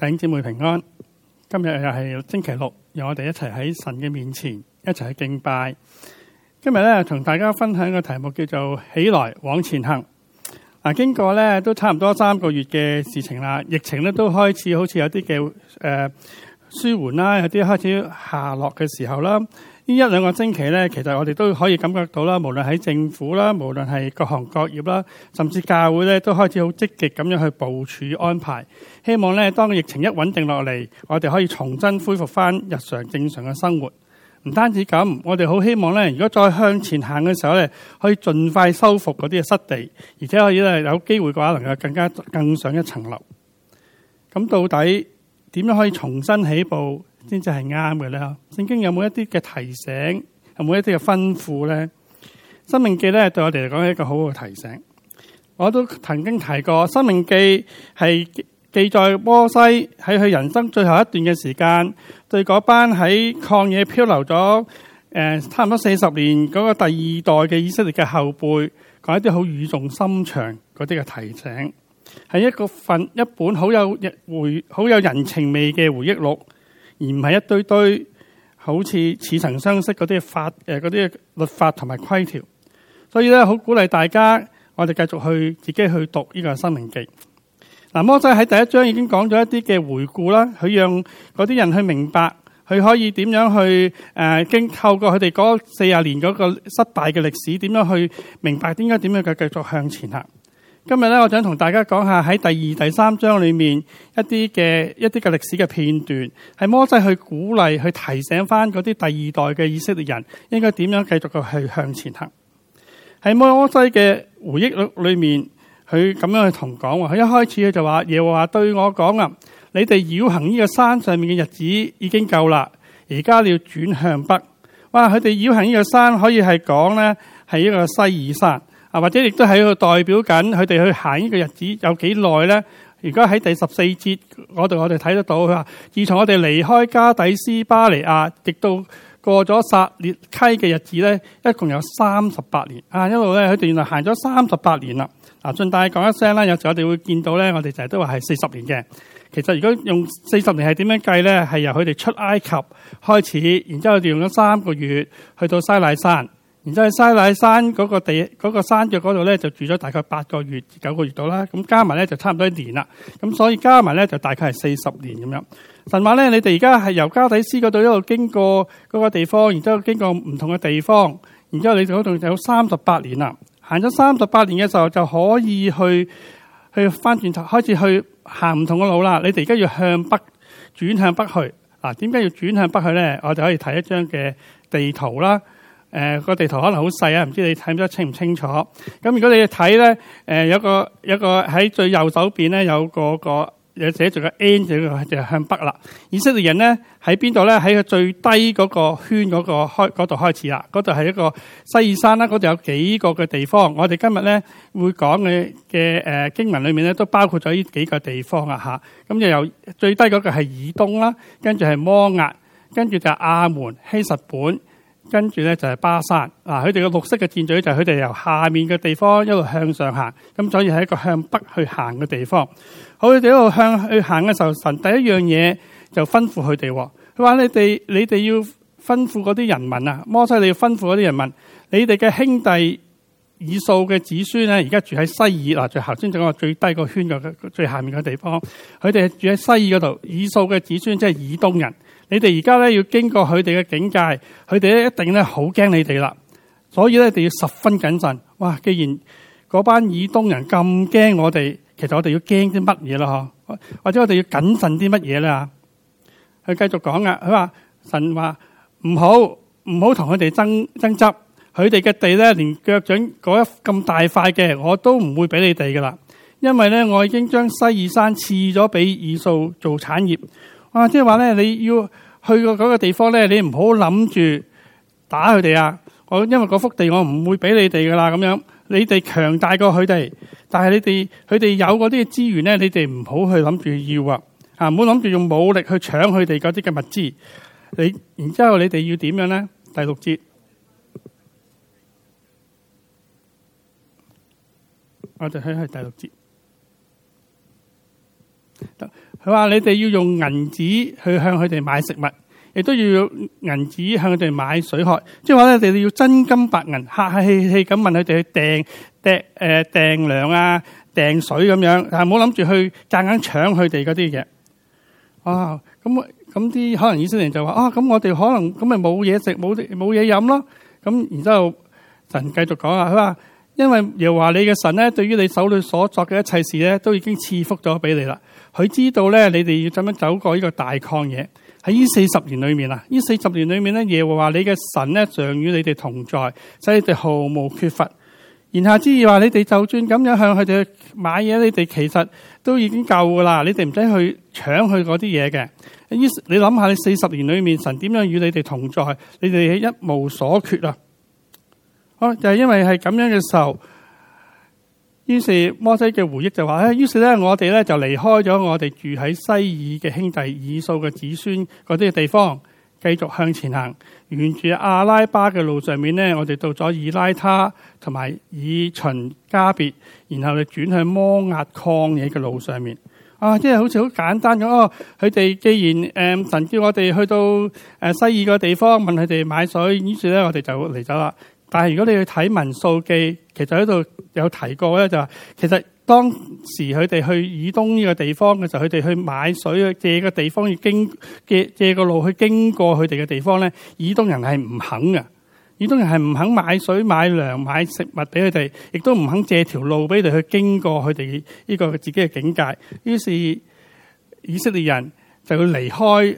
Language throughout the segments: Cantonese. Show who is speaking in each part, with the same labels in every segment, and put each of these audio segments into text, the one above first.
Speaker 1: 弟兄姊妹平安，今日又係星期六，讓我哋一齊喺神嘅面前，一齊去敬拜。今日咧同大家分享個題目叫做起來往前行。嗱，經過咧都差唔多三個月嘅事情啦，疫情咧都開始好似有啲嘅誒。呃舒緩啦，有啲開始下落嘅時候啦，呢一兩個星期呢，其實我哋都可以感覺到啦，無論喺政府啦，無論係各行各業啦，甚至教會咧，都開始好積極咁樣去部署安排，希望咧，當疫情一穩定落嚟，我哋可以重新恢復翻日常正常嘅生活。唔單止咁，我哋好希望咧，如果再向前行嘅時候咧，可以盡快收復嗰啲嘅失地，而且可以咧有機會嘅話，能夠更加更上一層樓。咁到底，點樣可以重新起步先至係啱嘅咧？聖經有冇一啲嘅提醒，有冇一啲嘅吩咐咧？《生命記》咧，對我哋嚟講係一個好好嘅提醒。我都曾經提過，《生命記》係記載摩西喺佢人生最後一段嘅時間，對嗰班喺曠野漂流咗誒，差唔多四十年嗰個第二代嘅以色列嘅後輩，講一啲好語重心長嗰啲嘅提醒。係一個份一本好有回好有人情味嘅回憶錄，而唔係一堆堆好似似曾相識嗰啲法誒嗰啲律法同埋規條。所以咧，好鼓勵大家，我哋繼續去自己去讀呢、這個《申命記》。嗱，摩西喺第一章已經講咗一啲嘅回顧啦，佢讓嗰啲人去明白，佢可以點樣去誒、呃、經透過佢哋嗰四十年嗰個失敗嘅歷史，點樣去明白點解點樣去繼續向前行。今日咧，我想同大家講下喺第二、第三章裏面一啲嘅一啲嘅歷史嘅片段，係摩西去鼓勵、去提醒翻嗰啲第二代嘅以色列人應該點樣繼續去向前行。喺摩西嘅回憶錄裏面，佢咁樣去同講，佢一開始咧，就話耶和華對我講啊，你哋繞行呢個山上面嘅日子已經夠啦，而家你要轉向北。哇！佢哋繞行呢個山可以係講咧，係一個西爾山。或者亦都喺度代表緊佢哋去行呢個日子有幾耐咧？如果喺第十四節，我哋我哋睇得到佢話：自從我哋離開加底斯巴尼亞，直到過咗撒烈溪嘅日子咧，一共有三十八年。啊，一路咧，佢哋原來行咗三十八年啦。嗱，順帶講一聲啦。有時我哋會見到咧，我哋成日都話係四十年嘅。其實如果用四十年係點樣計咧？係由佢哋出埃及開始，然之後佢哋用咗三個月去到西奈山。然之後喺西乃山嗰個地嗰、嗰個、山腳嗰度咧，就住咗大概八個月、至九個月到啦。咁加埋咧就差唔多一年啦。咁所以加埋咧就大概係四十年咁樣。神話咧，你哋而家係由加底斯嗰度一路經過嗰個地方，然之後經過唔同嘅地方，然之後你哋嗰度有三十八年啦。行咗三十八年嘅時候，就可以去去翻轉頭，開始去行唔同嘅路啦。你哋而家要向北轉向北去啊？點解要轉向北去咧？我哋可以睇一張嘅地圖啦。誒個地圖可能好細啊，唔知你睇得清唔清楚？咁如果你睇咧，誒有個有個喺最右手邊咧，有個有寫住個 N 就就向北啦。以色列人咧喺邊度咧？喺個最低嗰個圈嗰個開嗰度開始啦。嗰度係一個西爾山啦。嗰度有幾個嘅地方。我哋今日咧會講嘅嘅誒經文裏面咧都包括咗呢幾個地方啊吓，咁就由最低嗰個係以東啦，跟住係摩押，跟住就亞門希實本。跟住咧就係巴山，啊佢哋個綠色嘅箭嘴就係佢哋由下面嘅地方一路向上行，咁所以係一個向北去行嘅地方。好，佢哋一路向去行嘅時候，神第一樣嘢就吩咐佢哋，佢話你哋你哋要吩咐嗰啲人民啊，摩西你要吩咐嗰啲人民，你哋嘅兄弟以掃嘅子孫咧，而家住喺西爾，嗱最頭先嗰個最低個圈嘅最下面嘅地方，佢哋住喺西爾嗰度，以掃嘅子孫即係以東人。你哋而家咧要經過佢哋嘅境界，佢哋咧一定咧好驚你哋啦，所以咧一定要十分謹慎。哇！既然嗰班以東人咁驚我哋，其實我哋要驚啲乜嘢啦？或或者我哋要謹慎啲乜嘢咧？佢繼續講啊，佢話神話唔好唔好同佢哋爭爭執，佢哋嘅地咧連腳掌嗰一咁大塊嘅我都唔會俾你哋噶啦，因為咧我已經將西爾山賜咗俾以數做產業。即係話咧，你要去個嗰個地方咧，你唔好諗住打佢哋啊！我因為嗰幅地我唔會俾你哋噶啦，咁樣你哋強大過佢哋，但係你哋佢哋有嗰啲資源咧，你哋唔好去諗住要啊！啊，唔好諗住用武力去搶佢哋嗰啲嘅物資。你然之後你哋要點樣咧？第六節，我哋去去第六節得。佢話你哋要用銀紙去向佢哋買食物，亦都要銀紙向佢哋買水喝，即係話咧，你哋要真金白銀，客客氣氣咁問佢哋去訂訂誒訂糧啊訂水咁樣，但係冇諗住去夾硬搶佢哋嗰啲嘢。啊，咁咁啲可能以色列就話啊，咁我哋可能咁咪冇嘢食，冇冇嘢飲咯。咁然之後神繼續講啊，佢話。因為耶和華你嘅神咧，對於你手裏所作嘅一切事咧，都已經賜福咗俾你啦。佢知道咧，你哋要怎樣走過呢個大曠野喺呢四十年裏面啊？呢四十年裏面咧，耶和華你嘅神咧，常與你哋同在，使你哋毫無缺乏。言下之意，話你哋就轉咁樣向佢哋買嘢，你哋其實都已經夠噶啦，你哋唔使去搶佢嗰啲嘢嘅。你諗下，你四十年裏面神點樣與你哋同在，你哋一無所缺啊！好就係、是、因為係咁樣嘅時候，於是摩西嘅回憶就話：，誒，於是咧我哋咧就離開咗我哋住喺西爾嘅兄弟以掃嘅子孫嗰啲地方，繼續向前行。沿住亞拉巴嘅路上面咧，我哋到咗以拉他同埋以旬加別，然後咧轉去摩押曠野嘅路上面。啊，即係好似好簡單咁。哦，佢哋既然誒神叫我哋去到誒西爾嘅地方，問佢哋買水，於是咧我哋就嚟走啦。但係如果你去睇《民數記》，其實喺度有提過咧，就話其實當時佢哋去以東呢個地方嘅時候，佢哋去買水、借個地方要經借借個路去經過佢哋嘅地方咧，以東人係唔肯㗎。以東人係唔肯買水、買糧、買食物俾佢哋，亦都唔肯借條路俾佢哋去經過佢哋呢個自己嘅境界。於是以色列人就去離開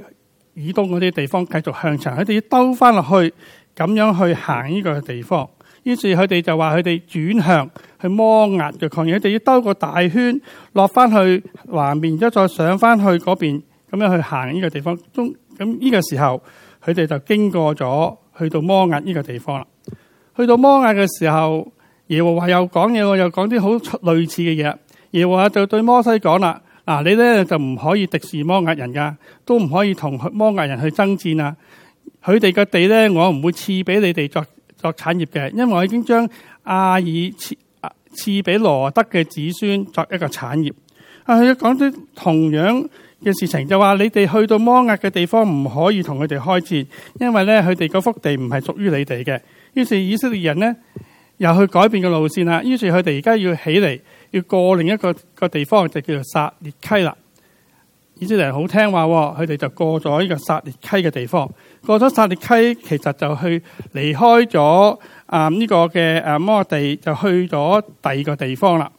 Speaker 1: 以東嗰啲地方，繼續向前，佢哋要兜翻落去。咁樣去行呢個地方，於是佢哋就話佢哋轉向去摩押嘅曠野，佢哋要兜個大圈落翻去南面，然之再上翻去嗰邊，咁樣去行呢個地方。中咁呢個時候，佢哋就經過咗去到摩押呢個地方啦。去到摩押嘅時候，耶和華又講嘢，喎又講啲好類似嘅嘢。耶和華就對摩西講啦：「嗱，你咧就唔可以敵視摩押人噶，都唔可以同摩押人去爭戰啊！佢哋嘅地咧，我唔會賜俾你哋作作產業嘅，因為我已經將阿爾賜賜俾羅得嘅子孫作一個產業。啊，佢講咗同樣嘅事情，就話你哋去到摩押嘅地方唔可以同佢哋開戰，因為咧佢哋嗰幅地唔係屬於你哋嘅。於是以色列人呢，又去改變個路線啦，於是佢哋而家要起嚟，要過另一個一個地方，就叫做撒列溪啦。以色列人好聽話，佢哋就過咗呢個撒列溪嘅地方，過咗撒列溪，其實就去離開咗啊呢個嘅誒摩地，就去咗第二個地方啦。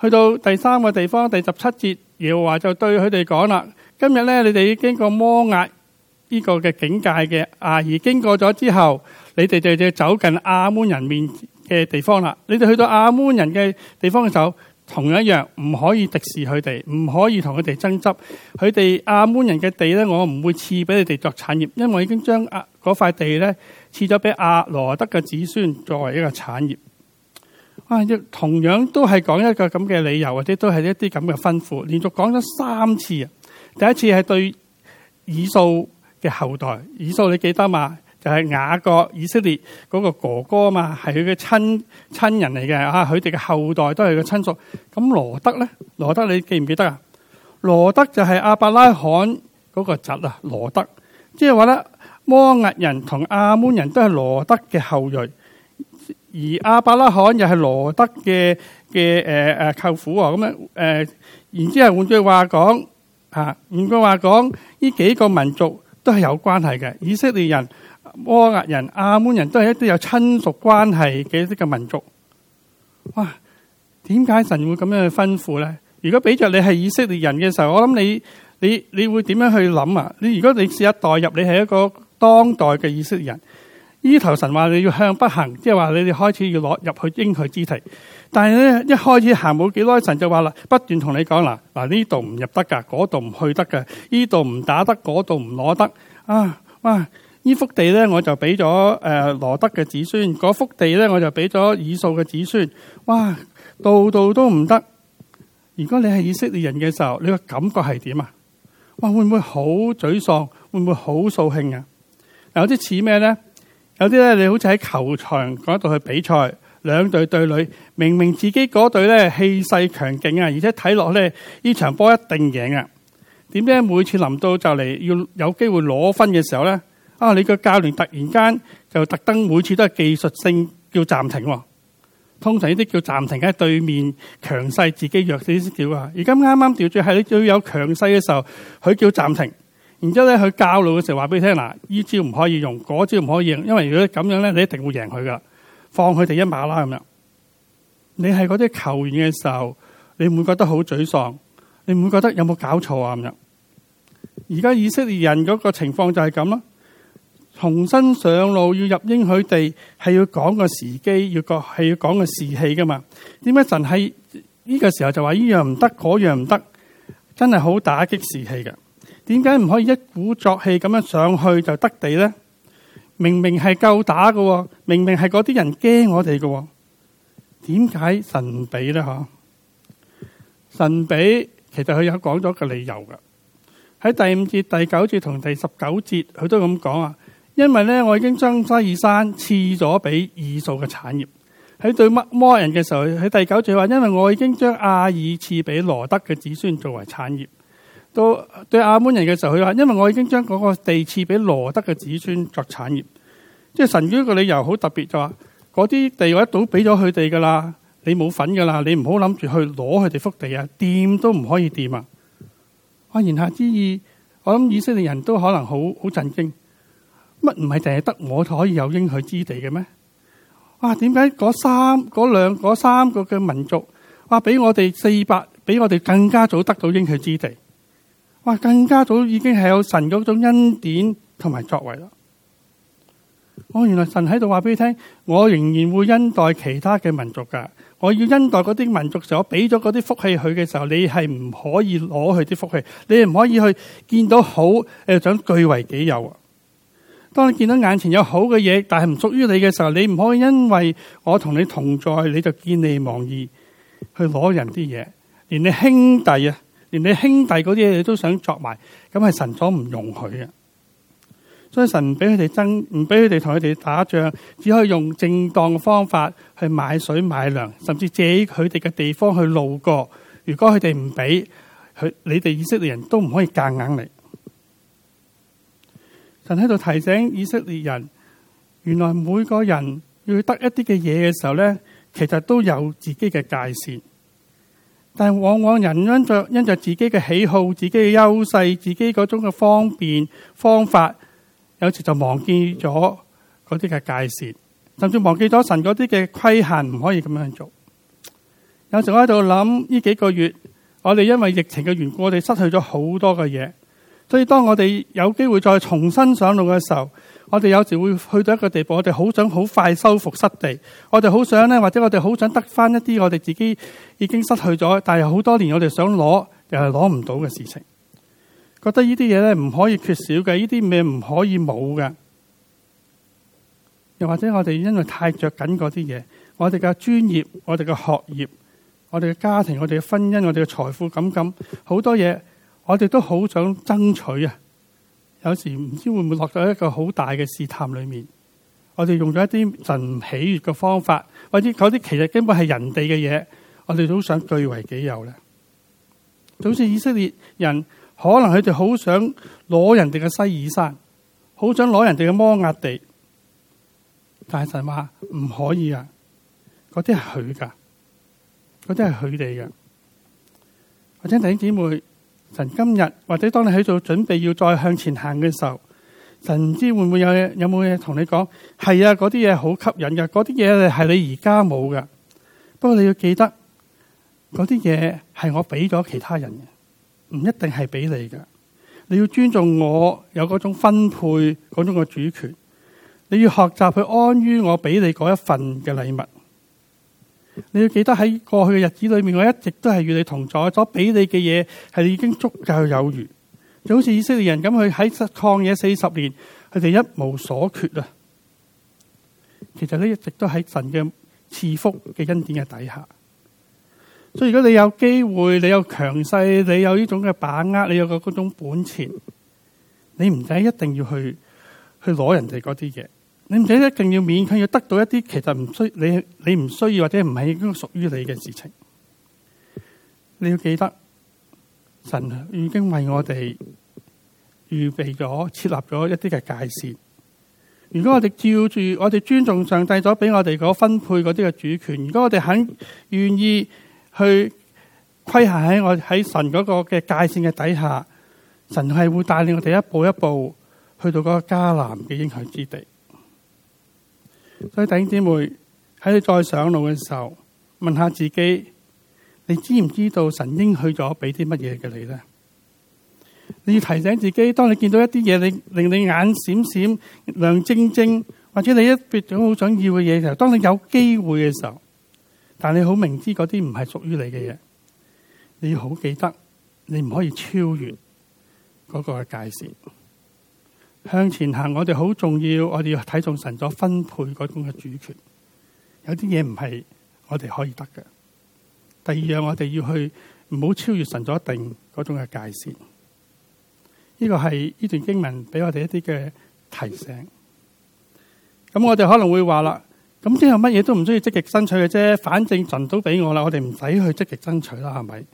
Speaker 1: 去到第三個地方，第十七節耶和華就對佢哋講啦：今日咧，你哋要經過摩押呢個嘅境界嘅啊，而經過咗之後，你哋就要走近亞門人面嘅地方啦。你哋去到亞門人嘅地方嘅時候。同樣一樣，唔可以敵視佢哋，唔可以同佢哋爭執。佢哋亞捫人嘅地咧，我唔會賜俾你哋作產業，因為我已經將亞嗰塊地咧賜咗俾阿羅德嘅子孫作為一個產業。啊，同樣都係講一個咁嘅理由，或者都係一啲咁嘅吩咐，連續講咗三次啊。第一次係對以掃嘅後代，以掃你記得嘛？係、就是，雅各以色列嗰個哥哥嘛，啊，嘛係佢嘅親親人嚟嘅啊。佢哋嘅後代都係佢嘅親屬。咁羅德咧，羅德你記唔記得啊？羅德就係亞伯拉罕嗰個侄，啊，羅德。即係話咧，摩押人同阿門人都係羅德嘅後裔，而亞伯拉罕又係羅德嘅、嘅誒誒舅父，哦呃、啊。咁樣誒，然之後換句話講啊，換句話講，呢幾個民族都係有關係嘅以色列人。摩押人、亞門人都係一啲有親屬關係嘅一啲嘅民族。哇，點解神會咁樣去吩咐咧？如果俾着你係以色列人嘅時候，我諗你你你會點樣去諗啊？你如果你試一代入，你係一個當代嘅以色列人，呢頭神話你要向北行，即係話你哋開始要攞入去應許之地。但係咧一開始行冇幾耐，神就話啦，不斷同你講啦，嗱，呢度唔入得噶，嗰度唔去得噶，呢度唔打得，嗰度唔攞得啊，哇！呢幅地咧，我就俾咗誒羅德嘅子孫；嗰幅地咧，我就俾咗以掃嘅子孫。哇！度度都唔得。如果你係以色列人嘅時候，你個感覺係點啊？哇！會唔會好沮喪？會唔會好掃興啊？有啲似咩咧？有啲咧，你好似喺球場嗰度去比賽，兩隊對壘，明明自己嗰隊咧氣勢強勁啊，而且睇落咧呢場波一定贏啊。點解每次臨到就嚟要有機會攞分嘅時候咧？啊！你個教練突然間就特登每次都係技術性叫暫停哦，通常呢啲叫暫停係對面強勢自己弱少少啊。而家啱啱調轉係，你要有強勢嘅時候，佢叫暫停，然之後咧佢教路嘅時候話俾你聽嗱，呢招唔可以用，嗰招唔可以用，因為如果咁樣咧，你一定會贏佢噶，放佢哋一馬啦咁樣。你係嗰啲球員嘅時候，你唔會覺得好沮喪，你唔會覺得有冇搞錯啊？咁樣而家以色列人嗰個情況就係咁重新上路，要入應許地係要講個時機，要個係要講個士氣噶嘛點解神係呢個時候就話呢樣唔得，嗰樣唔得？真係好打擊士氣嘅。因為咧，我已經將西珥山賜咗俾以掃嘅產業。喺對摩押人嘅時候，喺第九句話，因為我已經將亞珥賜俾羅得嘅子孫作為產業。到對亞捫人嘅時候，佢話，因為我已經將嗰個地賜俾羅得嘅子孫作產業。即係神呢個理由好特別，就話嗰啲地我一早俾咗佢哋噶啦，你冇份噶啦，你唔好諗住去攞佢哋幅地啊，掂都唔可以掂啊！啊言下之意，我諗以色列人都可能好好震驚。乜唔係淨係得我可以有應許之地嘅咩？哇！點解嗰三嗰兩嗰三個嘅民族，哇！俾我哋四百，俾我哋更加早得到應許之地。哇！更加早已經係有神嗰種恩典同埋作為啦。哦，原來神喺度話俾你聽，我仍然會恩待其他嘅民族噶。我要恩待嗰啲民族時候，我俾咗嗰啲福氣佢嘅時候，你係唔可以攞佢啲福氣，你係唔可以去見到好，誒想據為己有。當你見到眼前有好嘅嘢，但係唔屬於你嘅時候，你唔可以因為我同你同在，你就見利忘義去攞人啲嘢。連你兄弟啊，連你兄弟嗰啲嘢，你都想作埋，咁係神所唔容許嘅。所以神唔俾佢哋爭，唔俾佢哋同佢哋打仗，只可以用正當嘅方法去買水買糧，甚至借佢哋嘅地方去路過。如果佢哋唔俾，佢你哋以色列人都唔可以夾硬嚟。神喺度提醒以色列人，原來每個人要去得一啲嘅嘢嘅時候咧，其實都有自己嘅界線。但往往人因着因着自己嘅喜好、自己嘅優勢、自己嗰種嘅方便方法，有時就忘記咗嗰啲嘅界線，甚至忘記咗神嗰啲嘅規限，唔可以咁樣做。有時我喺度諗，呢幾個月我哋因為疫情嘅緣故，我哋失去咗好多嘅嘢。所以，當我哋有機會再重新上路嘅時候，我哋有時會去到一個地步，我哋好想好快收復失地，我哋好想咧，或者我哋好想得翻一啲我哋自己已經失去咗，但係好多年我哋想攞又係攞唔到嘅事情，覺得呢啲嘢咧唔可以缺少嘅，呢啲咩唔可以冇嘅，又或者我哋因為太着緊嗰啲嘢，我哋嘅專業、我哋嘅學業、我哋嘅家庭、我哋嘅婚姻、我哋嘅財富、咁咁好多嘢。我哋都好想爭取啊！有時唔知會唔會落到一個好大嘅試探裏面。我哋用咗一啲神唔喜悅嘅方法，或者嗰啲其實根本係人哋嘅嘢，我哋都想據為己有咧。就好似以色列人，可能佢哋好想攞人哋嘅西爾山，好想攞人哋嘅摩押地，但係神話唔可以啊！嗰啲係佢噶，嗰啲係佢哋嘅。或者弟兄姊妹。神今日，或者當你喺度做準備要再向前行嘅時候，神唔知會唔會有嘢，有冇嘢同你講？係啊，嗰啲嘢好吸引嘅，嗰啲嘢係你而家冇嘅。不過你要記得，嗰啲嘢係我俾咗其他人嘅，唔一定係俾你嘅。你要尊重我有嗰種分配嗰種嘅主權。你要學習去安於我俾你嗰一份嘅禮物。你要記得喺過去嘅日子裏面，我一直都係與你同在，所俾你嘅嘢係已經足夠有餘。就好似以色列人咁，佢喺曠野四十年，佢哋一無所缺啊。其實呢，一直都喺神嘅賜福嘅恩典嘅底下。所以如果你有機會，你有強勢，你有呢種嘅把握，你有個嗰種本錢，你唔使一定要去去攞人哋嗰啲嘢。你唔使一定要勉強要得到一啲，其實唔需你你唔需要，需要或者唔係已經屬於你嘅事情。你要記得，神已經為我哋預備咗、設立咗一啲嘅界線。如果我哋照住我哋尊重上帝咗俾我哋嗰分配嗰啲嘅主權，如果我哋肯願意去規限喺我喺神嗰個嘅界線嘅底下，神係會帶領我哋一步一步去到嗰個迦南嘅應許之地。所以弟兄姊妹，喺你再上路嘅時候，問下自己，你知唔知道神應許咗俾啲乜嘢嘅你咧？你要提醒自己，當你見到一啲嘢，你令你眼閃閃、亮晶晶，或者你一別咗好想要嘅嘢嘅時候，當你有機會嘅時候，但係你好明知嗰啲唔係屬於你嘅嘢，你要好記得，你唔可以超越嗰個界線。向前行，我哋好重要，我哋要睇重神所分配嗰種嘅主權。有啲嘢唔係我哋可以得嘅。第二樣，我哋要去唔好超越神所定嗰種嘅界線。呢個係呢段經文俾我哋一啲嘅提醒。咁我哋可能會話啦，咁即係乜嘢都唔需要積極爭取嘅啫，反正神都俾我啦，我哋唔使去積極爭取啦，係咪？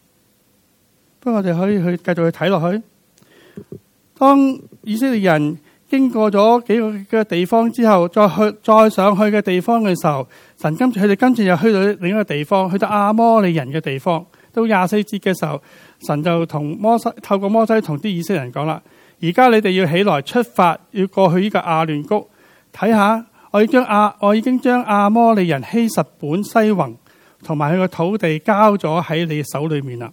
Speaker 1: 不過我哋可以去繼續去睇落去。當以色列人經過咗幾個嘅地方之後，再去再上去嘅地方嘅時候，神跟住佢哋跟住又去到另一個地方，去到阿摩利人嘅地方，到廿四節嘅時候，神就同摩西透過摩西同啲以色列人講啦，而家你哋要起來出發，要過去呢個亞嫩谷，睇下我已將亞我已經將亞摩利人希實本西宏同埋佢個土地交咗喺你手裏面啦。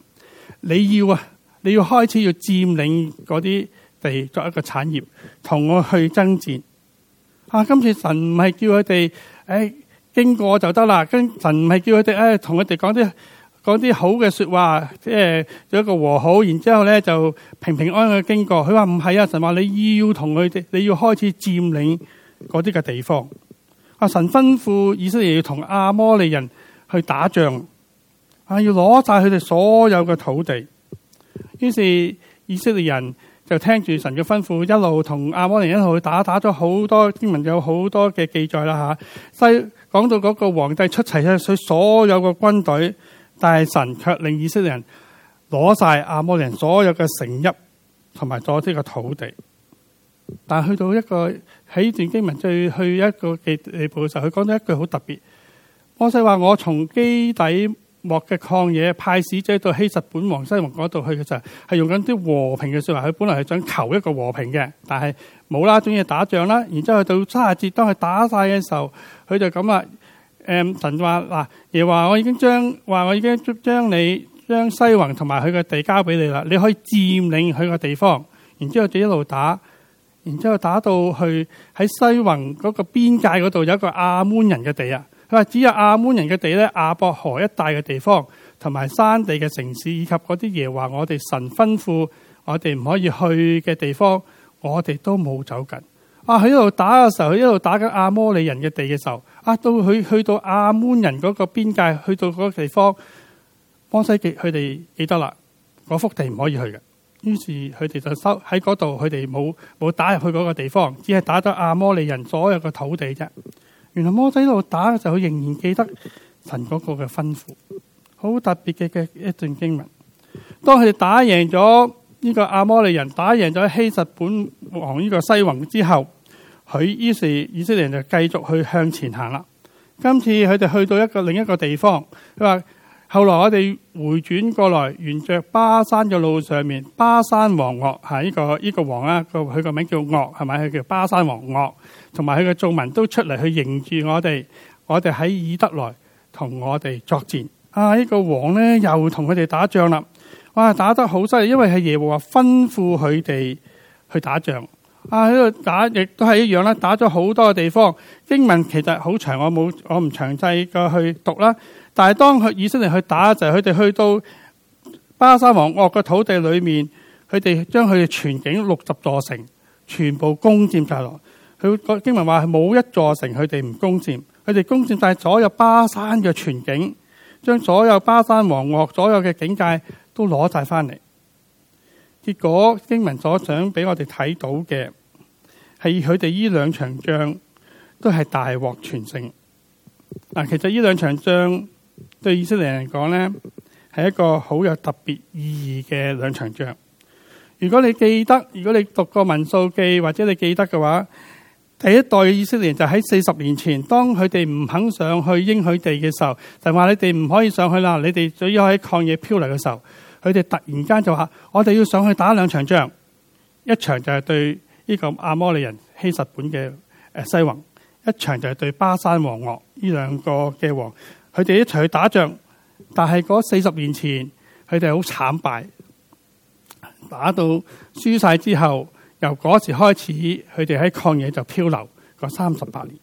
Speaker 1: 你要啊，你要開始要佔領嗰啲。地作一個產業，同我去爭戰啊！今次神唔係叫佢哋誒經過就得啦，跟神唔係叫佢哋誒同佢哋講啲講啲好嘅說話，即、呃、係做一個和好，然之後咧就平平安安經過。佢話唔係啊，神話你要同佢哋，你要開始佔領嗰啲嘅地方啊！神吩咐以色列要同阿摩利人去打仗啊，要攞晒佢哋所有嘅土地。於是以色列人。就聽住神嘅吩咐，一路同阿摩尼一路去打打咗好多經文有很多，有好多嘅記載啦吓。西講到嗰個皇帝出齊咧，所有嘅軍隊，但係神卻令以色列人攞晒阿摩尼所有嘅城邑同埋咗呢個土地。但係去到一個喺段經文最去一個記記錄嘅時候，佢講咗一句好特別。摩西話：我從基底……」莫嘅曠野派使者到希實本王西宏嗰度去嘅時候，係用緊啲和平嘅說話，佢本來係想求一個和平嘅，但係冇啦，中意打仗啦。然之後去到卅節，當佢打晒嘅時候，佢就咁啦。誒、嗯、神話嗱，耶話我已經將話我已經將你將西宏同埋佢嘅地交俾你啦，你可以佔領佢嘅地方。然之後就一路打，然之後打到去喺西宏嗰個邊界嗰度有一個亞捫人嘅地啊。佢話只有亞門人嘅地咧，亞伯河一帶嘅地方，同埋山地嘅城市，以及嗰啲耶華我哋神吩咐我哋唔可以去嘅地方，我哋都冇走近。啊，喺度打嘅時候，喺度打緊亞摩利人嘅地嘅時候，啊，到去去到亞門人嗰個邊界，去到嗰個地方，摩西記佢哋記得啦，嗰幅地唔可以去嘅。於是佢哋就收喺嗰度，佢哋冇冇打入去嗰個地方，只係打咗亞摩利人所有嘅土地啫。原來摩西喺度打嘅時候，仍然記得神嗰個嘅吩咐，好特別嘅嘅一段經文。當佢哋打贏咗呢個阿摩利人，打贏咗希實本王呢個西宏之後，佢於是以色列人就繼續去向前行啦。今次佢哋去到一個另一個地方，佢話。後來我哋回轉過來，沿着巴山嘅路上面，巴山王岳，吓、這、呢個呢、這個王啊，佢個名叫岳係咪？佢叫巴山王岳，同埋佢個族民都出嚟去迎住我哋，我哋喺以德來同我哋作戰。啊，呢、這個王咧又同佢哋打仗啦，哇，打得好犀利，因為係耶和華吩咐佢哋去打仗。啊，喺、這、度、個、打，亦都係一樣啦，打咗好多地方。經文其實好長，我冇我唔詳細嘅去讀啦。但係當佢以色列去打就，佢哋去到巴珊王噩嘅土地裏面，佢哋將佢哋全境六十座城全部攻占晒落。佢經文話冇一座城佢哋唔攻占，佢哋攻占晒所有巴珊嘅全境，將所有巴珊王噩所有嘅境界都攞晒翻嚟。結果經文所想俾我哋睇到嘅係佢哋呢兩場仗都係大獲全勝。嗱，其實呢兩場仗。對以色列人講呢，係一個好有特別意義嘅兩場仗。如果你記得，如果你讀過《民數記》或者你記得嘅話，第一代嘅以色列人就喺四十年前，當佢哋唔肯上去應許地嘅時候，就話你哋唔可以上去啦。你哋只要喺曠野漂流嘅時候，佢哋突然間就話：我哋要上去打兩場仗。一場就係對呢個阿摩利人希實本嘅誒西宏，一場就係對巴山王岳呢兩個嘅王。佢哋一齊去打仗，但係嗰四十年前，佢哋好慘敗，打到輸晒之後，由嗰時開始，佢哋喺曠野就漂流個三十八年。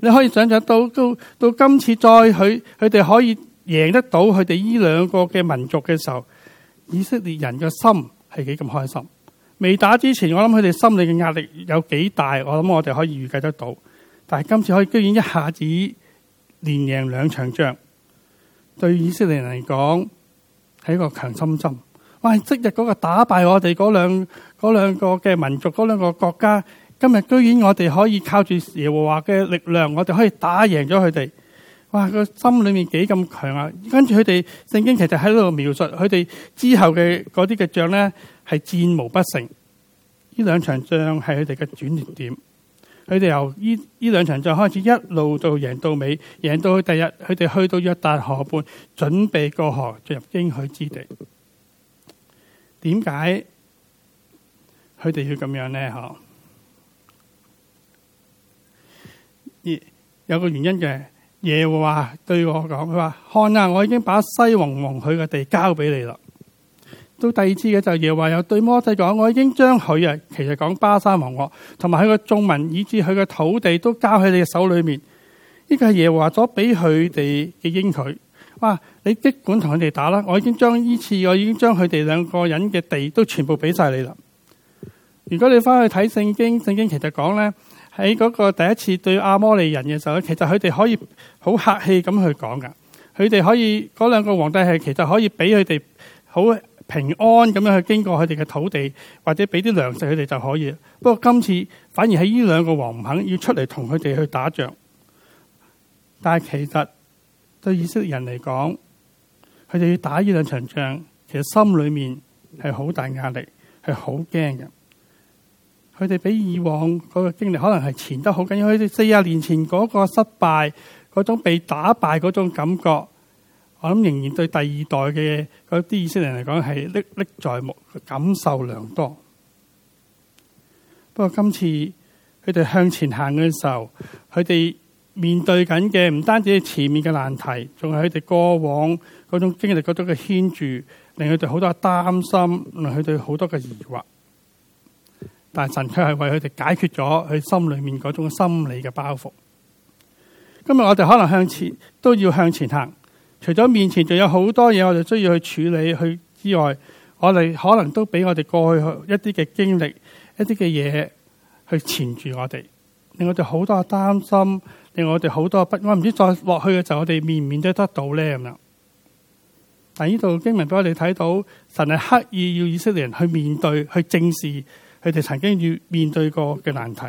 Speaker 1: 你可以想象到，到到今次再去佢，佢哋可以贏得到佢哋呢兩個嘅民族嘅時候，以色列人嘅心係幾咁開心。未打之前，我諗佢哋心理嘅壓力有幾大，我諗我哋可以預計得到。但係今次可以居然一下子。連贏兩場仗，對以色列人嚟講係一個強心針。哇！昔日嗰個打敗我哋嗰兩嗰兩個嘅民族嗰兩個國家，今日居然我哋可以靠住耶和華嘅力量，我哋可以打贏咗佢哋。哇！個心裏面幾咁強啊！跟住佢哋聖經其實喺度描述佢哋之後嘅嗰啲嘅仗咧，係戰無不勝。呢兩場仗係佢哋嘅轉折點。佢哋由呢兩場仗開始一路到贏到尾，贏到第日佢哋去到約旦河畔，準備過河進入應許之地。點解佢哋要咁樣呢？有個原因嘅。耶和華對我講：佢話看啊，我已經把西王王許嘅地交俾你啦。到第二次嘅就係耶華又對摩西講：我已經將佢啊，其實講巴珊王噩，同埋佢個眾民以至佢個土地都交喺你嘅手裏面。呢個係耶華咗俾佢哋嘅應許，哇！你即管同佢哋打啦，我已經將呢次我已經將佢哋兩個人嘅地都全部俾晒你啦。如果你翻去睇聖經，聖經其實講咧喺嗰個第一次對阿摩利人嘅時候咧，其實佢哋可以好客氣咁去講噶，佢哋可以嗰兩個皇帝係其實可以俾佢哋好平安咁樣去經過佢哋嘅土地，或者俾啲糧食佢哋就可以。不過今次反而喺呢兩個王唔肯要出嚟同佢哋去打仗。但係其實對以色列人嚟講，佢哋要打呢兩場仗，其實心裏面係好大壓力，係好驚嘅。佢哋比以往嗰個經歷，可能係前得好緊要。佢哋四十年前嗰個失敗，嗰種被打敗嗰種感覺。我諗仍然對第二代嘅嗰啲以色列人嚟講，係歷歷在目，感受良多。不過，今次佢哋向前行嘅時候，佢哋面對緊嘅唔單止係前面嘅難題，仲係佢哋過往嗰種經歷、嗰種嘅牽住，令佢哋好多嘅擔心，令佢哋好多嘅疑惑。但神卻係為佢哋解決咗佢心裏面嗰種心理嘅包袱。今日我哋可能向前都要向前行。除咗面前仲有好多嘢，我哋需要去處理去之外，我哋可能都俾我哋過去一啲嘅經歷、一啲嘅嘢去纏住我哋，令我哋好多嘅擔心，令我哋好多嘅不安。唔知再落去嘅時候，我哋面唔面對得到咧，咁啦。但呢度經文俾我哋睇到，神係刻意要以色列人去面對、去正視佢哋曾經要面對過嘅難題。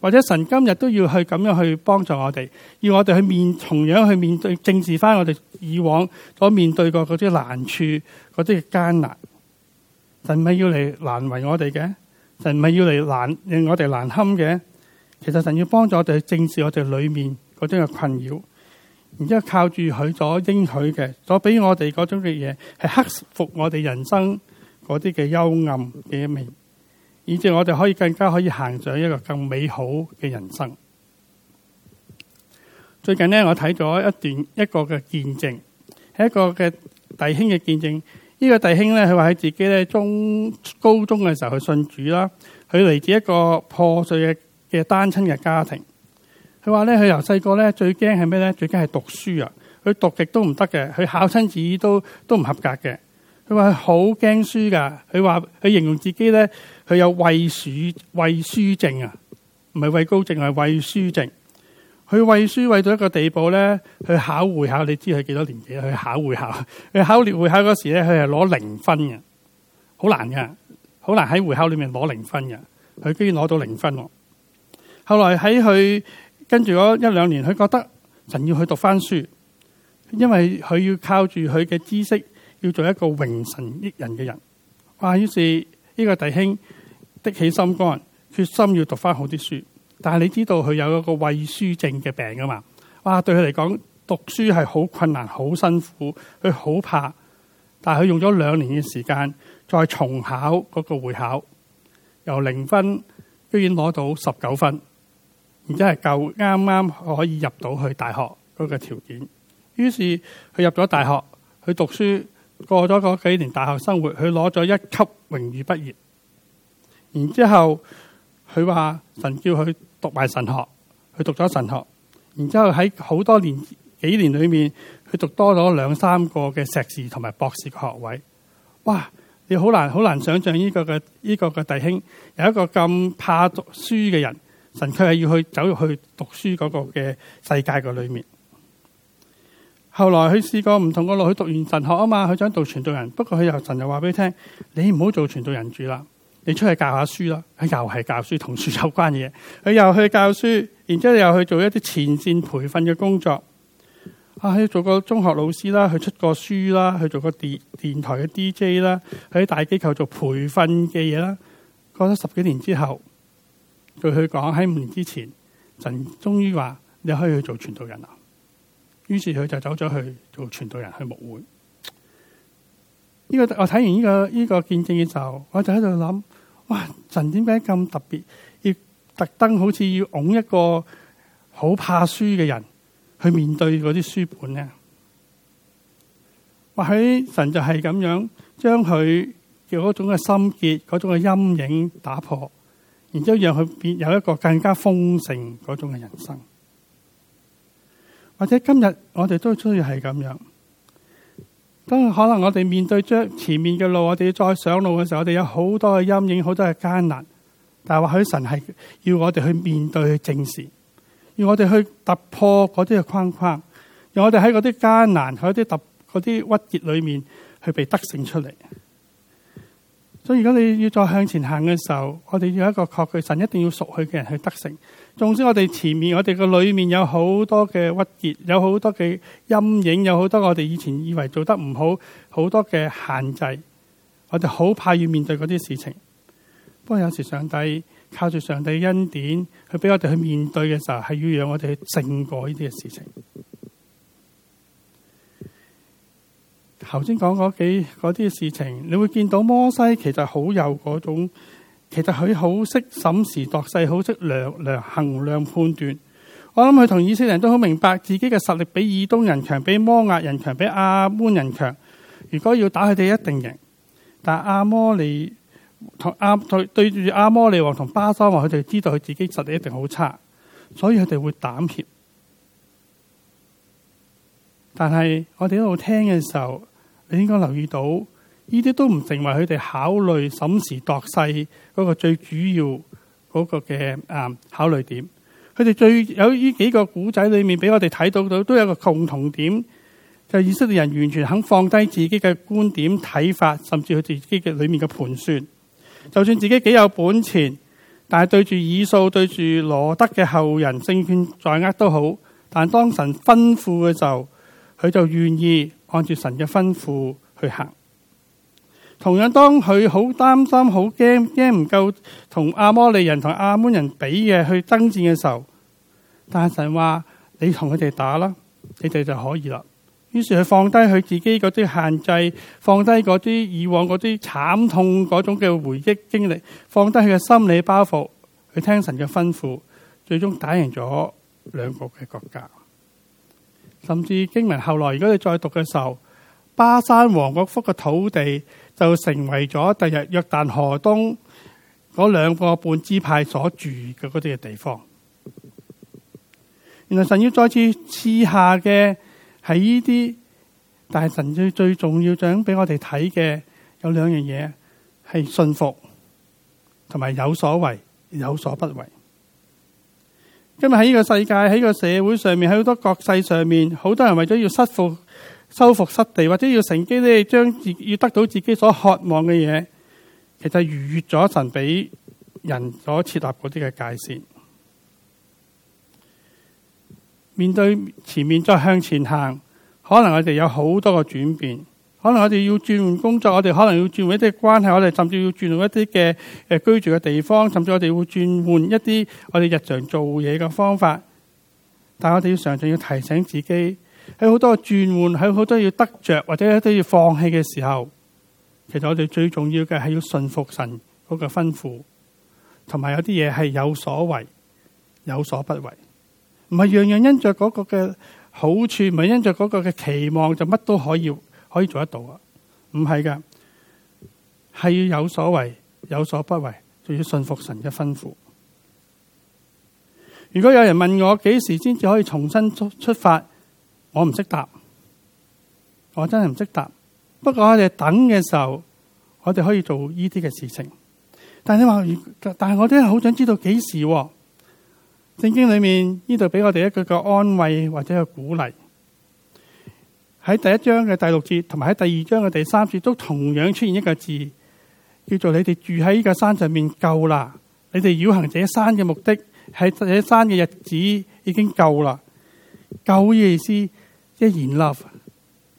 Speaker 1: 或者神今日都要去咁樣去幫助我哋，要我哋去面同樣去面對正視翻我哋以往所面對過嗰啲難處、嗰啲嘅艱難。神唔係要嚟難為我哋嘅，神唔係要嚟難令我哋難堪嘅。其實神要幫助我哋正視我哋裏面嗰種嘅困擾，然之後靠住佢所應許嘅，所俾我哋嗰種嘅嘢，係克服我哋人生嗰啲嘅幽暗嘅一面。以至我哋可以更加可以行上一個更美好嘅人生。最近呢，我睇咗一段一個嘅見證，係一個嘅弟兄嘅見證。呢、這個弟兄呢，佢話喺自己呢中高中嘅時候去信主啦。佢嚟自一個破碎嘅嘅單親嘅家庭。佢話呢，佢由細個呢最驚係咩呢？最驚係讀書啊！佢讀極都唔得嘅，佢考親子都都唔合格嘅。佢話好驚輸噶佢話佢形容自己咧，佢有畏鼠、畏輸症啊，唔係畏高症，係畏輸症。佢畏輸畏到一個地步咧，去考會考，你知佢幾多年紀？去考會考，佢考列會考嗰時咧，佢係攞零分嘅，好難噶好難喺會考裏面攞零分嘅，佢居然攞到零分。後來喺佢跟住嗰一兩年，佢覺得神要去讀翻書，因為佢要靠住佢嘅知識。要做一個榮神益人嘅人，哇！於是呢、這個弟兄的起心肝，決心要讀翻好啲書。但係你知道佢有一個畏書症嘅病噶、啊、嘛？哇！對佢嚟講，讀書係好困難、好辛苦，佢好怕。但係佢用咗兩年嘅時間，再重考嗰個會考，由零分居然攞到十九分，而家係夠啱啱可以入到去大學嗰個條件。於是佢入咗大學，佢讀書。過咗嗰幾年大學生活，佢攞咗一級榮譽畢業。然之後佢話神叫佢讀埋神學，佢讀咗神學。然之後喺好多年幾年裏面，佢讀多咗兩三個嘅碩士同埋博士嘅學位。哇！你好難好難想象呢個嘅呢個嘅弟兄有一個咁怕讀書嘅人，神佢係要去走入去讀書嗰個嘅世界嘅裏面。後來佢試過唔同個路，去讀完神學啊嘛，佢想做傳道人。不過佢又神又話俾你聽，你唔好做傳道人住啦，你出去教下書啦。佢又係教書，同書有關嘅嘢。佢又去教書，然之後又去做一啲前線培訓嘅工作。啊，做個中學老師啦，去出過書啦，去做個電電台嘅 DJ 啦，喺大機構做培訓嘅嘢啦。過咗十幾年之後，對佢講喺五年之前，神終於話你可以去做傳道人啦。於是佢就走咗去做傳道人去牧會。呢個我睇完呢個呢個見證嘅時候，我就喺度諗：哇！神點解咁特別，要特登好似要拱一個好怕輸嘅人去面對嗰啲書本呢？或許神就係咁樣，將佢嘅嗰種嘅心結、嗰種嘅陰影打破，然之後讓佢變有一個更加豐盛嗰種嘅人生。或者今日我哋都都意係咁樣。當可能我哋面對着前面嘅路，我哋再上路嘅時候，我哋有好多嘅陰影，好多嘅艱難。但係或許神係要我哋去面對去正視，要我哋去突破嗰啲嘅框框，讓我哋喺嗰啲艱難、喺啲突、啲屈折裏面去被得勝出嚟。所以如果你要再向前行嘅時候，我哋要一個確據，神一定要屬佢嘅人去得勝。總之，我哋前面，我哋嘅裏面有好多嘅鬱結，有好多嘅陰影，有好多我哋以前以為做得唔好，好多嘅限制，我哋好怕要面對嗰啲事情。不過有時上帝靠住上帝的恩典，去俾我哋去面對嘅時候，係要讓我哋去勝過呢啲嘅事情。頭先講嗰幾啲事情，你會見到摩西其實好有嗰種。其實佢好識審時度勢，好識量量衡量判斷。我諗佢同以色列人都好明白自己嘅實力比以東人強，比摩押人強，比阿捫人強。如果要打佢哋，一定贏。但阿摩利同亞對對住亞摩利王同巴珊王，佢哋知道佢自己實力一定好差，所以佢哋會膽怯。但係我哋喺度聽嘅時候，你應該留意到。呢啲都唔成為佢哋考慮審時度勢嗰個最主要嗰個嘅啊考慮點，佢哋最有呢幾個古仔裏面，俾我哋睇到到都有個共同點，就以色列人完全肯放低自己嘅觀點睇法，甚至佢自己嘅裏面嘅盤算。就算自己幾有本錢，但係對住以數對住羅德嘅後人勝券在握都好，但當神吩咐嘅時候，佢就願意按照神嘅吩咐去行。同樣當佢好擔心、好驚驚唔夠同阿摩利人同阿門人比，嘅去爭戰嘅時候，但神話你同佢哋打啦，你哋就可以啦。於是佢放低佢自己嗰啲限制，放低嗰啲以往嗰啲慘痛嗰種嘅回憶經歷，放低佢嘅心理包袱，去聽神嘅吩咐，最終打贏咗兩國嘅國家。甚至經文後來，如果你再讀嘅時候，巴山王國福嘅土地。就成為咗第日，日約旦河東嗰兩個半支派所住嘅嗰啲嘅地方。原來神要再次賜下嘅係呢啲，但係神最最重要想俾我哋睇嘅有兩樣嘢，係信服同埋有所為有所不為。今日喺呢個世界，喺個社會上面，喺好多國勢上面，好多人為咗要失服，收復失地，或者要乘機咧，將自要得到自己所渴望嘅嘢，其實逾越咗神俾人所設立嗰啲嘅界線。面對前面再向前行，可能我哋有好多個轉變，可能我哋要轉換工作，我哋可能要轉換一啲關係，我哋甚至要轉換一啲嘅誒居住嘅地方，甚至我哋會轉換一啲我哋日常做嘢嘅方法。但我哋要常常要提醒自己。喺好多轉換，喺好多要得着，或者都要放棄嘅時候，其實我哋最重要嘅係要信服神嗰個吩咐，同埋有啲嘢係有所為，有所不為，唔係樣樣因着嗰個嘅好處，唔係因着嗰個嘅期望就乜都可以可以做得到啊！唔係㗎，係要有所為，有所不為，仲要信服神嘅吩咐。如果有人問我幾時先至可以重新出出發？我唔識答，我真係唔識答。不過我哋等嘅時候，我哋可以做呢啲嘅事情。但係你話，但係我真係好想知道幾時啊。聖經裏面呢度俾我哋一個個安慰或者個鼓勵。喺第一章嘅第六節，同埋喺第二章嘅第三節，都同樣出現一個字，叫做你哋住喺呢個山上面夠啦。你哋繞行這山嘅目的，喺這山嘅日子已經夠啦。夠意思。即係 in love，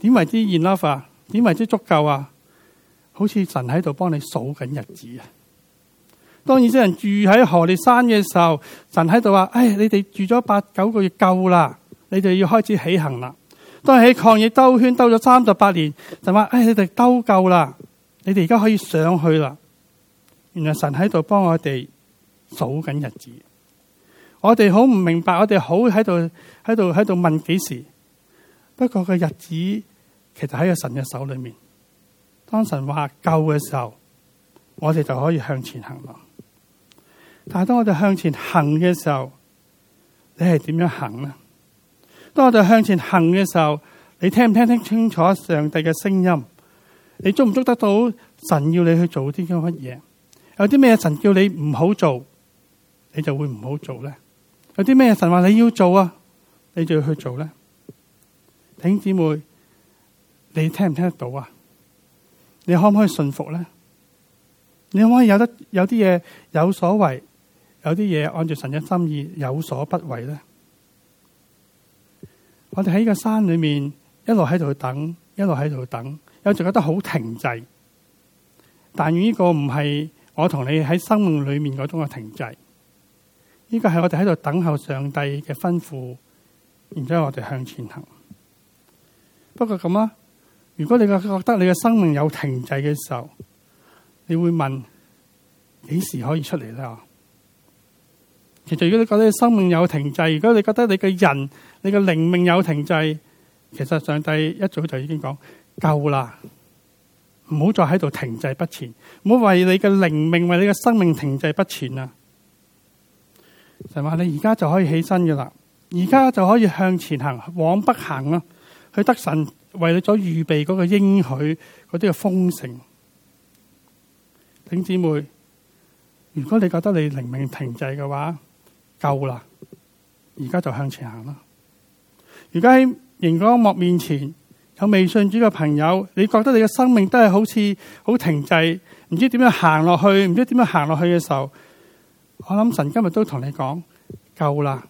Speaker 1: 點為之 in love 啊？點為之足夠啊？好似神喺度幫你數緊日子啊！當以色列人住喺何烈山嘅時候，神喺度話，哎，你哋住咗八九個月夠啦，你哋要開始起行啦。當喺曠野兜圈兜咗三十八年，就話，哎，你哋兜夠啦，你哋而家可以上去啦。原來神喺度幫我哋數緊日子，我哋好唔明白，我哋好喺度喺度喺度問幾時。不過個日子其實喺個神嘅手裏面，當神話夠嘅時候，我哋就可以向前行啦。但係當我哋向前行嘅時候，你係點樣行呢？當我哋向前行嘅時候，你聽唔聽清楚上帝嘅聲音？你捉唔捉得到神要你去做啲咁乜嘢？有啲咩神叫你唔好做，你就會唔好做咧？有啲咩神話你要做啊？你就要去做咧？弟兄姊妹，你聽唔聽得到啊？你可唔可以信服呢？你可唔可以有得有啲嘢，有所為，有啲嘢按住神嘅心意有所不為呢？我哋喺呢個山裏面，一路喺度等，一路喺度等，有陣覺得好停滯。但願呢個唔係我同你喺生命裏面嗰種嘅停滯。呢個係我哋喺度等候上帝嘅吩咐，然之後我哋向前行。不過咁啊，如果你覺覺得你嘅生命有停滯嘅時候，你會問幾時可以出嚟咧？其實如果你覺得你嘅生命有停滯，如果你覺得你嘅人、你嘅靈命有停滯，其實上帝一早就已經講夠啦，唔好再喺度停滯不前，唔好為你嘅靈命、為你嘅生命停滯不前啦。就係話你而家就可以起身噶啦，而家就可以向前行，往北行啦。佢得神為你咗預備嗰個應許，嗰啲嘅豐盛。弟兄姊妹，如果你覺得你靈命停滯嘅話，夠啦。而家就向前行啦。而家喺熒光幕面前有未信主嘅朋友，你覺得你嘅生命都係好似好停滯，唔知點樣行落去，唔知點樣行落去嘅時候，我諗神今日都同你講夠啦。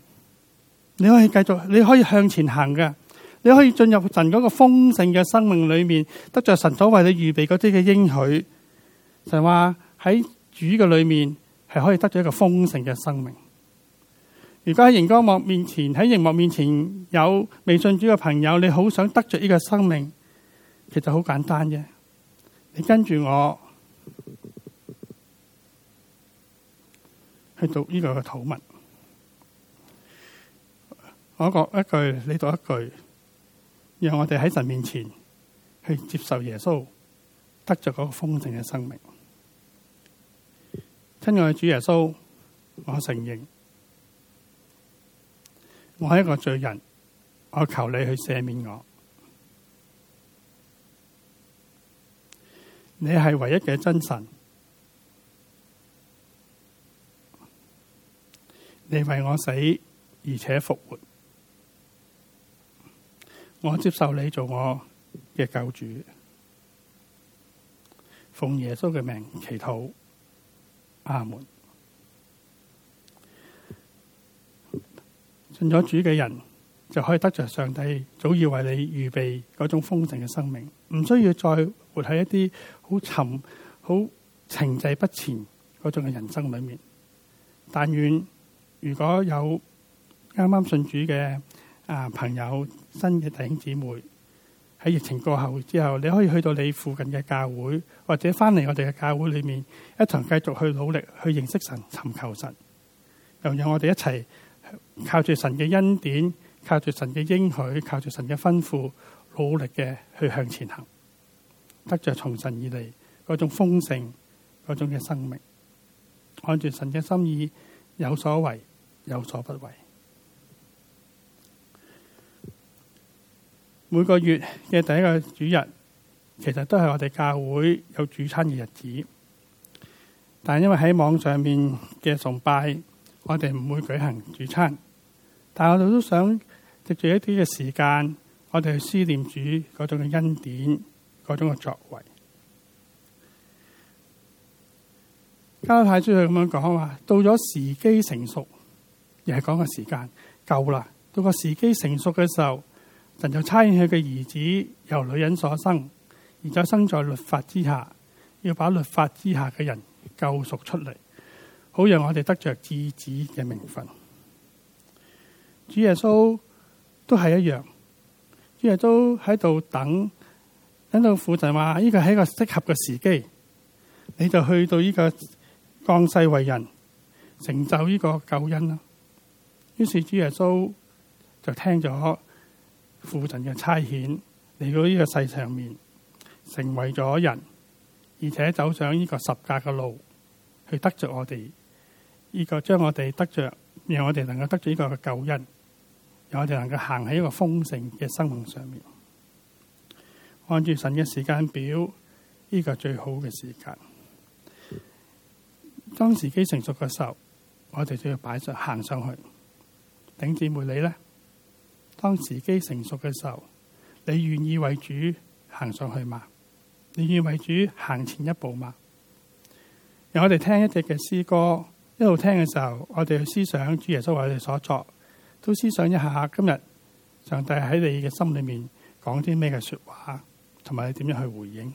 Speaker 1: 你可以繼續，你可以向前行嘅。你可以進入神嗰個豐盛嘅生命裏面，得着神所為你預備嗰啲嘅應許。就係話喺主嘅裏面係可以得咗一個豐盛嘅生命。如果喺熒光幕面前，喺熒幕面前有未信主嘅朋友，你好想得着呢個生命，其實好簡單嘅，你跟住我去讀呢個嘅禱文。我講一句，你讀一句。讓我哋喺神面前去接受耶穌，得着嗰個豐盛嘅生命。親愛主耶穌，我承認我係一個罪人，我求你去赦免我。你係唯一嘅真神，你為我死，而且復活。我接受你做我嘅救主，奉耶穌嘅名祈禱，阿門。信咗主嘅人就可以得着上帝早已為你預備嗰種豐盛嘅生命，唔需要再活喺一啲好沉、好停滯不前嗰種嘅人生裏面。但願如果有啱啱信主嘅。啊！朋友，新嘅弟兄姊妹喺疫情過後之後，你可以去到你附近嘅教會，或者翻嚟我哋嘅教會裏面，一齊繼續去努力去認識神、尋求神，又讓我哋一齊靠住神嘅恩典，靠住神嘅應許，靠住神嘅吩咐，努力嘅去向前行，得着從神以嚟嗰種豐盛、嗰種嘅生命，看住神嘅心意有所為，有所不為。每個月嘅第一個主日，其實都係我哋教會有主餐嘅日子。但係因為喺網上面嘅崇拜，我哋唔會舉行主餐。但係我哋都想藉住一啲嘅時間，我哋去思念主嗰種嘅恩典，嗰種嘅作為。加拉太書佢咁樣講話，到咗時機成熟，亦係講個時間夠啦。到個時機成熟嘅時候。神就差遣佢嘅兒子由女人所生，而就生在律法之下，要把律法之下嘅人救贖出嚟，好讓我哋得着兒子嘅名分。主耶穌都係一樣，主耶穌喺度等，等到父親話呢個係一個適合嘅時機，你就去到呢個降世為人，成就呢個救恩啦。於是主耶穌就聽咗。父神嘅差遣嚟到呢個世上面，成為咗人，而且走上呢個十架嘅路，去得着我哋呢個，將我哋得着，讓我哋能夠得着呢個嘅救恩，讓我哋能夠行喺一個豐盛嘅生命上面。按住神嘅時間表，呢個最好嘅時間，當時機成熟嘅時候，我哋就要擺上行上去。頂姊妹你咧？當時機成熟嘅時候，你願意為主行上去嗎？你願意為主行前一步嗎？讓我哋聽一隻嘅詩歌，一路聽嘅時候，我哋去思想主耶穌為我哋所作，都思想一下今日上帝喺你嘅心裏面講啲咩嘅說話，同埋你點樣去回應？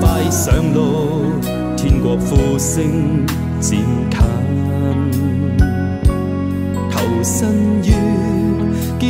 Speaker 1: 拜上路，天
Speaker 2: 國呼聲漸近，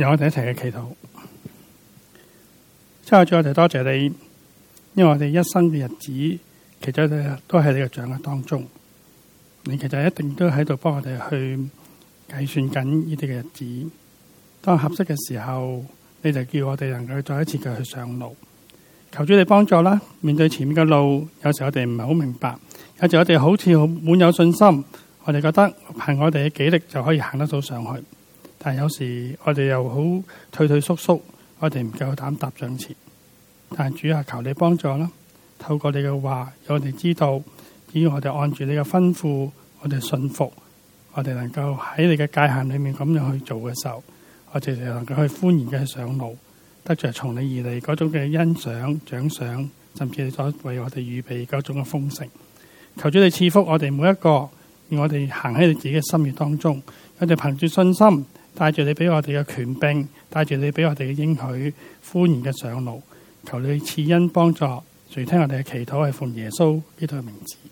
Speaker 1: 有我哋一齊嘅祈禱。之後再我哋多謝你，因為我哋一生嘅日子，其實都係你嘅掌握當中。你其實一定都喺度幫我哋去計算緊呢啲嘅日子。當合適嘅時候，你就叫我哋能夠再一次嘅去上路。求主你幫助啦！面對前面嘅路，有時我哋唔係好明白，有時我哋好似好滿有信心，我哋覺得憑我哋嘅己力就可以行得到上去。但有時我哋又好退退縮縮，我哋唔夠膽踏上前。但主要求你幫助啦！透過你嘅話，讓我哋知道，只要我哋按住你嘅吩咐，我哋信服，我哋能夠喺你嘅界限裏面咁樣去做嘅時候，我哋就能夠去歡迎嘅上路，得着從你而嚟嗰種嘅欣賞、獎賞，甚至你所為我哋預備嗰種嘅豐盛。求主你賜福我哋每一個，讓我哋行喺你自己嘅心意當中，讓我哋憑住信心。帶着你給我們的權柄，帶着你給我們的應許，歡迎的上路，求你賜恩幫助，誰聽我們的祈禱是奉耶穌基督的名字。